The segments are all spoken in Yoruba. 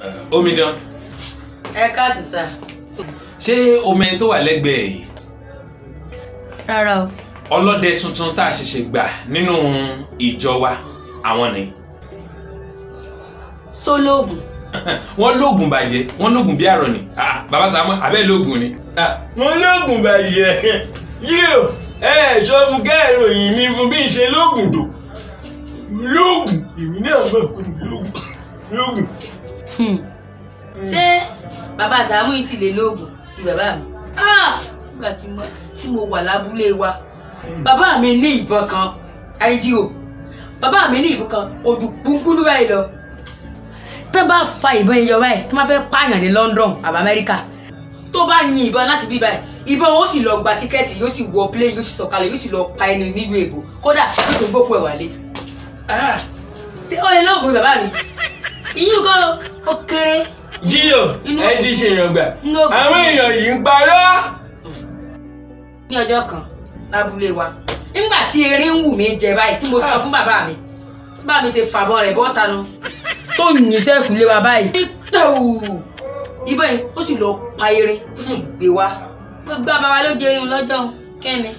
Eh, omidan. ẹ káàsì sá. ṣé omi ẹni tó wà lẹ́gbẹ̀ẹ́ yìí. rárá o. ọlọ́dẹ tuntun tá a ṣẹ̀ṣẹ̀ gbà nínú ìjọ wa àwọn ni. so lóògùn. wọ́n lóògùn bàjẹ́ wọ́n lóògùn bí àrọ̀ ni ah, bàbá Sàámú abẹ́ lóògùn ni. Ah, wọ́n lóògùn bàjẹ́ yíyó ẹ ẹ̀ sọ fún kẹ́ẹ̀rọ yìí mi fún bí n ṣe lóògùn dò lóògùn èmi náà mọ̀ pé lóògùn lóògùn. Hmm. ṣé bàbá sàámú yìí sì lè lóògùn ni bàbá mi ah! nígbà tí mo wà lábúlé wa bàbá mi ní ìbọn kan àìjíò bàbá mi ní ìbọn kan kò ju gbúngbúlú báyìí lọ tó bá fa ìbọn yẹn yọ báyìí tó máa fẹ́ pààyàn ní London àbí Amẹ́ríkà tó bá yin ìbọn láti bí báyìí ìbọn ó sì lọ gba tíkẹ́ẹ̀tì yóò sì wọ plé yóò sì sọ̀kalẹ̀ yóò sì lọ pa ẹni nílùú èbó kódà yóò tó gbókùn ẹ̀ wálé ah! ṣé ó lè lóògùn bàbá mi ìyún kan ó kéré. jíyò ẹ ti ṣe èèyàn gbà àwọn èèyàn yìí ń parọ́. ní ọjọ́ kan lábúlé wa nígbà tí eré ń wù mí jẹ báyìí tí mo sọ ah. fún bàbá mi bá mi ṣe fàbọ̀ rẹ̀ bọ́ta nu tó ní sẹ́kù lé wa báyìí. títàwù ibẹ̀ yìí ó sì lọ pa eré ó sì gbé wa gbogbo àbáwá ló jẹ irun lọ́jọ́ kẹ́ni.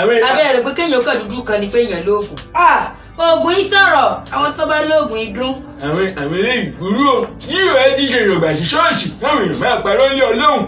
àbẹ́rẹ́ pé kéèyàn kàn dúdú kan ni pé èèyàn lóògùn. Ah! oògùn ìsọ̀rọ̀ àwọn tó bá lóògùn ìdún. àwọn àwọn eléyìí burú o yíyọ ẹ ti ṣe yorùbá sí ṣọ́ọ̀ṣì káwọn èèyàn máa parọ́ lé ọlọ́run